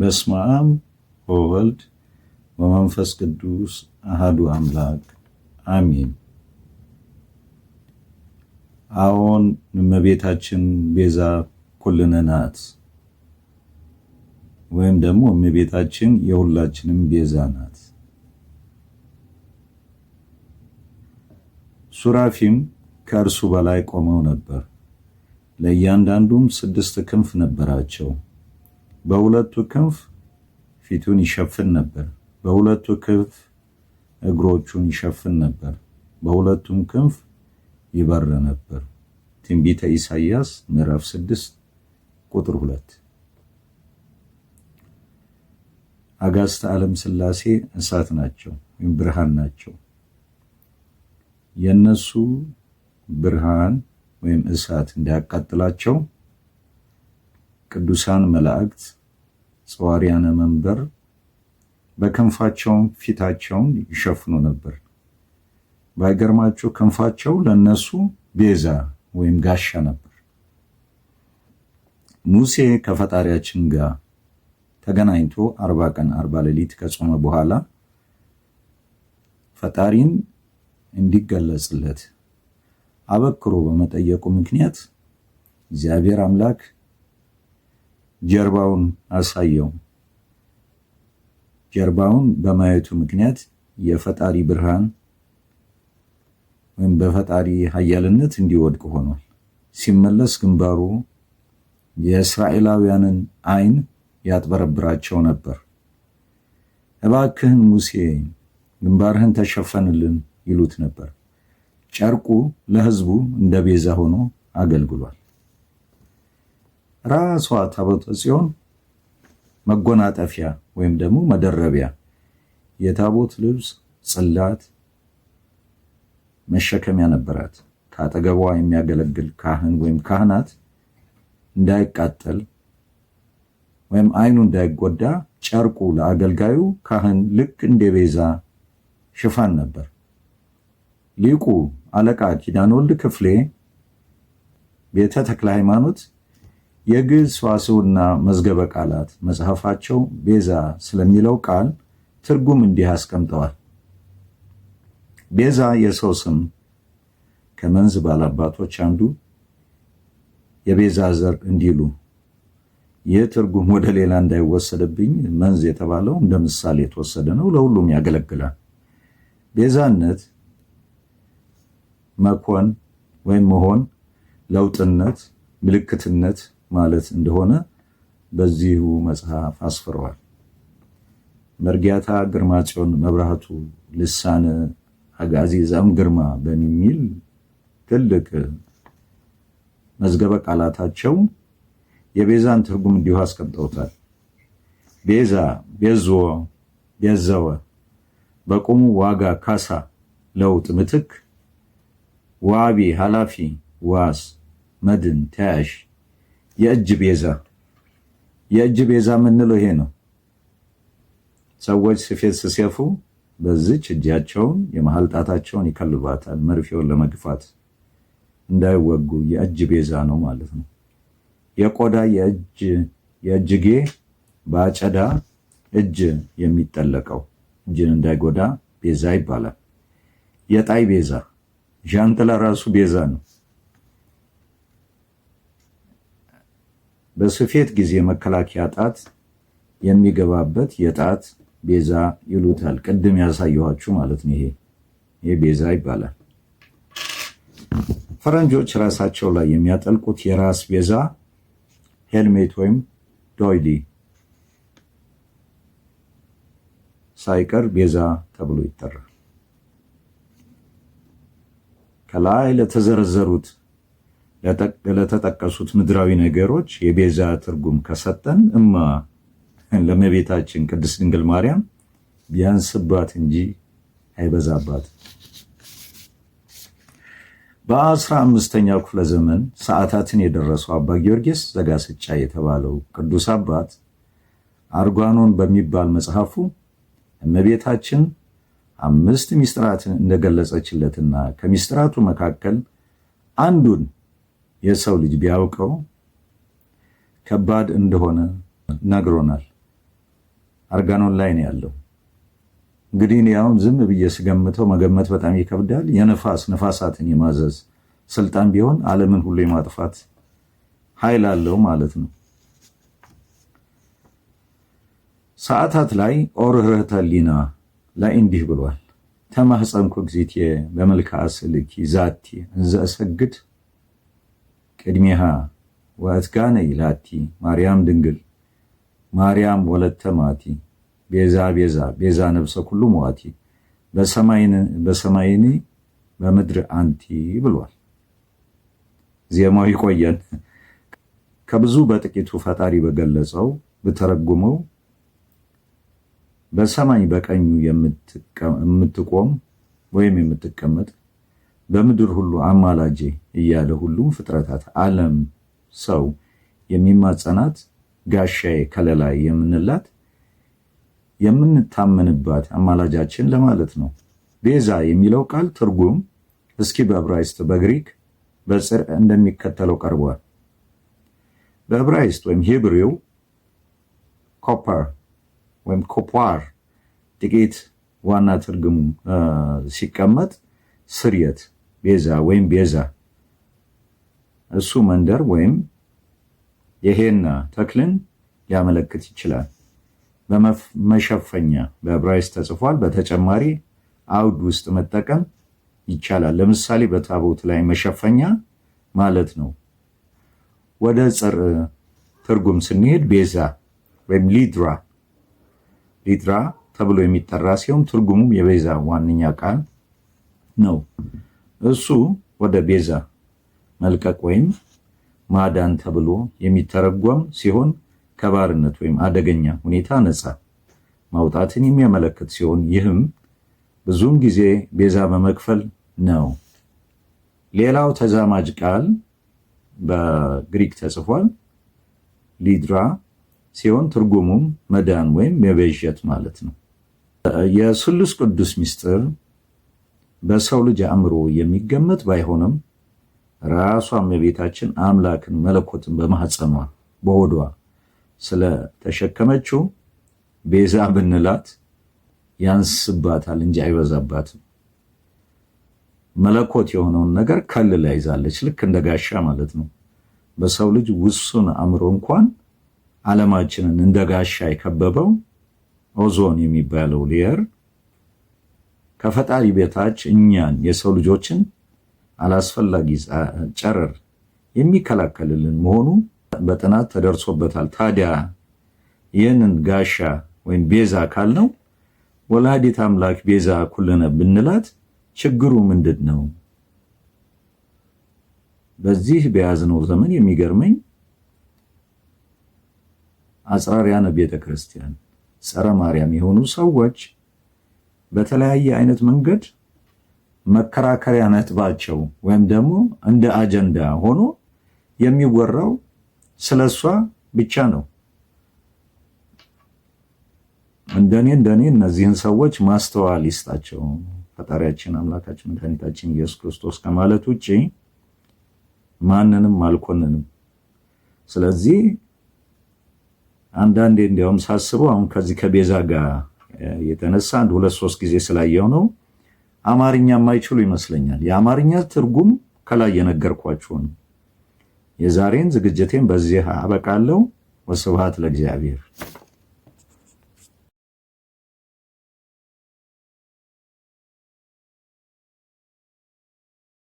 በስመ አብ ወወልድ ወመንፈስ ቅዱስ አሃዱ አምላክ አሚን። አዎን እመቤታችን ቤዛ ኩልነ ናት፣ ወይም ደግሞ እመቤታችን የሁላችንም ቤዛ ናት። ሱራፊም ከእርሱ በላይ ቆመው ነበር፣ ለእያንዳንዱም ስድስት ክንፍ ነበራቸው። በሁለቱ ክንፍ ፊቱን ይሸፍን ነበር፣ በሁለቱ ክንፍ እግሮቹን ይሸፍን ነበር፣ በሁለቱም ክንፍ ይበር ነበር። ትንቢተ ኢሳይያስ ምዕራፍ 6 ቁጥር 2። አጋስተ ዓለም ስላሴ እሳት ናቸው ወይም ብርሃን ናቸው። የነሱ ብርሃን ወይም እሳት እንዲያቃጥላቸው ቅዱሳን መላእክት ጸዋርያነ መንበር በክንፋቸውም ፊታቸውን ይሸፍኑ ነበር። ባይገርማችሁ ክንፋቸው ለነሱ ቤዛ ወይም ጋሻ ነበር። ሙሴ ከፈጣሪያችን ጋር ተገናኝቶ አርባ ቀን አርባ ሌሊት ከጾመ በኋላ ፈጣሪን እንዲገለጽለት አበክሮ በመጠየቁ ምክንያት እግዚአብሔር አምላክ ጀርባውን አሳየው። ጀርባውን በማየቱ ምክንያት የፈጣሪ ብርሃን ወይም በፈጣሪ ኃያልነት እንዲወድቅ ሆኗል። ሲመለስ ግንባሩ የእስራኤላውያንን ዓይን ያጥበረብራቸው ነበር። እባክህን ሙሴ ግንባርህን ተሸፈንልን ይሉት ነበር። ጨርቁ ለሕዝቡ እንደ ቤዛ ሆኖ አገልግሏል። ራሷ ታቦተ ጽዮን መጎናጠፊያ ወይም ደግሞ መደረቢያ የታቦት ልብስ ጽላት መሸከሚያ ነበራት። ከአጠገቧ የሚያገለግል ካህን ወይም ካህናት እንዳይቃጠል ወይም ዓይኑ እንዳይጎዳ ጨርቁ ለአገልጋዩ ካህን ልክ እንደ ቤዛ ሽፋን ነበር። ሊቁ አለቃ ኪዳነ ወልድ ክፍሌ ቤተ ተክለ ሃይማኖት የግዕዝ ሰዋስውና መዝገበ ቃላት መጽሐፋቸው ቤዛ ስለሚለው ቃል ትርጉም እንዲህ አስቀምጠዋል። ቤዛ የሰው ስም ከመንዝ ባላባቶች አንዱ የቤዛ ዘር እንዲሉ ይህ ትርጉም ወደ ሌላ እንዳይወሰድብኝ መንዝ የተባለው እንደ ምሳሌ የተወሰደ ነው። ለሁሉም ያገለግላል። ቤዛነት መኮን ወይም መሆን፣ ለውጥነት፣ ምልክትነት ማለት እንደሆነ በዚሁ መጽሐፍ አስፍረዋል። መርጊያታ ጽዮን መብራቱ ልሳነ አጋዚ ዘም ግርማ በሚል ትልቅ መዝገበ ቃላታቸው የቤዛን ትርጉም እንዲሁ አስቀምጠውታል። ቤዛ፣ ቤዞ ቤዘወ በቁሙ ዋጋ፣ ካሳ፣ ለውጥ፣ ምትክ፣ ዋቢ፣ ኃላፊ፣ ዋስ፣ መድን፣ ተያሽ። የእጅ ቤዛ የእጅ ቤዛ የምንለው ይሄ ነው። ሰዎች ስፌት ስሴፉ በዚች እጃቸውን የመሀል ጣታቸውን ይከልባታል፣ መርፌውን ለመግፋት እንዳይወጉ የእጅ ቤዛ ነው ማለት ነው። የቆዳ የእጅጌ በአጨዳ እጅ የሚጠለቀው እጅን እንዳይጎዳ ቤዛ ይባላል። የጣይ ቤዛ ዣንጥላ ራሱ ቤዛ ነው። በስፌት ጊዜ መከላከያ ጣት የሚገባበት የጣት ቤዛ ይሉታል። ቅድም ያሳየኋችሁ ማለት ነው። ይሄ ይሄ ቤዛ ይባላል። ፈረንጆች ራሳቸው ላይ የሚያጠልቁት የራስ ቤዛ ሄልሜት ወይም ዶይሊ ሳይቀር ቤዛ ተብሎ ይጠራል። ከላይ ለተዘረዘሩት ለተጠቀሱት ምድራዊ ነገሮች የቤዛ ትርጉም ከሰጠን እማ ለእመቤታችን ቅድስት ድንግል ማርያም ቢያንስባት እንጂ አይበዛባት። በአስራ አምስተኛው ክፍለ ዘመን ሰዓታትን የደረሰው አባ ጊዮርጊስ ዘጋስጫ የተባለው ቅዱስ አባት አርጓኖን በሚባል መጽሐፉ እመቤታችን አምስት ሚስጥራትን እንደገለጸችለትና ከሚስጥራቱ መካከል አንዱን የሰው ልጅ ቢያውቀው ከባድ እንደሆነ ነግሮናል። አርጋኖን ላይ ነው ያለው። እንግዲህ ያውም ዝም ብዬ ስገምተው መገመት በጣም ይከብዳል። የነፋስ ነፋሳትን የማዘዝ ስልጣን ቢሆን ዓለምን ሁሉ የማጥፋት ኃይል አለው ማለት ነው። ሰዓታት ላይ ኦርህተ ሊና ላይ እንዲህ ብሏል። ተማህፀንኩ ጊዜቴ በመልክዓ ስልኪ ዛቲ እንዘ እሰግድ ቅድሜሃ ወእትጋነ ይላቲ ማርያም ድንግል ማርያም ወለተ ማቲ ቤዛ ቤዛ ቤዛ ነብሰ ኩሉ መዋቲ በሰማይኒ በምድር አንቲ ብሏል። ዜማው ይቆየን። ከብዙ በጥቂቱ ፈጣሪ በገለጸው ብተረጉመው በሰማይ በቀኙ የምትቆም ወይም የምትቀመጥ በምድር ሁሉ አማላጄ እያለ ሁሉም ፍጥረታት ዓለም ሰው የሚማጸናት ጋሻዬ ከለላይ የምንላት የምንታመንባት አማላጃችን ለማለት ነው። ቤዛ የሚለው ቃል ትርጉም እስኪ በዕብራይስጥ በግሪክ በጽር እንደሚከተለው ቀርቧል። በዕብራይስጥ ወይም ሂብሪው ኮፐር ወይም ኮፓር ጥቂት ዋና ትርጉሙ ሲቀመጥ ስርየት ቤዛ ወይም ቤዛ እሱ መንደር ወይም የሄና ተክልን ሊያመለክት ይችላል። በመሸፈኛ በዕብራይስጥ ተጽፏል። በተጨማሪ አውድ ውስጥ መጠቀም ይቻላል። ለምሳሌ በታቦት ላይ መሸፈኛ ማለት ነው። ወደ ጽር ትርጉም ስንሄድ ቤዛ ወይም ሊድራ ሊድራ ተብሎ የሚጠራ ሲሆን ትርጉሙም የቤዛ ዋነኛ ቃል ነው። እሱ ወደ ቤዛ መልቀቅ ወይም ማዳን ተብሎ የሚተረጎም ሲሆን ከባርነት ወይም አደገኛ ሁኔታ ነፃ ማውጣትን የሚያመለክት ሲሆን ይህም ብዙውን ጊዜ ቤዛ በመክፈል ነው። ሌላው ተዛማጅ ቃል በግሪክ ተጽፏል ሊድራ ሲሆን ትርጉሙም መዳን ወይም መቤዠት ማለት ነው። የስሉስ ቅዱስ ምስጢር በሰው ልጅ አእምሮ የሚገመት ባይሆንም ራሷም የቤታችን አምላክን መለኮትን በማህፀኗ በወዷ ስለተሸከመችው ቤዛ ብንላት ያንስባታል እንጂ አይበዛባትም። መለኮት የሆነውን ነገር ከልላ ይዛለች፣ ልክ እንደ ጋሻ ማለት ነው። በሰው ልጅ ውሱን አእምሮ እንኳን ዓለማችንን እንደ ጋሻ የከበበው ኦዞን የሚባለው ሌየር ከፈጣሪ በታች እኛን የሰው ልጆችን አላስፈላጊ ጨረር የሚከላከልልን መሆኑ በጥናት ተደርሶበታል። ታዲያ ይህንን ጋሻ ወይም ቤዛ ካልነው ወላዲት አምላክ ቤዛ ኩልነ ብንላት ችግሩ ምንድን ነው? በዚህ በያዝነው ዘመን የሚገርመኝ አጽራሪያነ ቤተክርስቲያን ጸረ ማርያም የሆኑ ሰዎች በተለያየ አይነት መንገድ መከራከሪያ ነጥባቸው ወይም ደግሞ እንደ አጀንዳ ሆኖ የሚወራው ስለ እሷ ብቻ ነው። እንደኔ እንደኔ እነዚህን ሰዎች ማስተዋል ይስጣቸው ፈጣሪያችን አምላካችን መድኃኒታችን ኢየሱስ ክርስቶስ ከማለት ውጭ ማንንም አልኮንንም። ስለዚህ አንዳንዴ እንዲያውም ሳስበው አሁን ከዚህ ከቤዛ ጋር የተነሳ አንድ ሁለት ሶስት ጊዜ ስላየው ነው። አማርኛ የማይችሉ ይመስለኛል። የአማርኛ ትርጉም ከላይ የነገርኳችሁ ነው። የዛሬን ዝግጅቴን በዚህ አበቃለሁ። ወስብሐት ለእግዚአብሔር።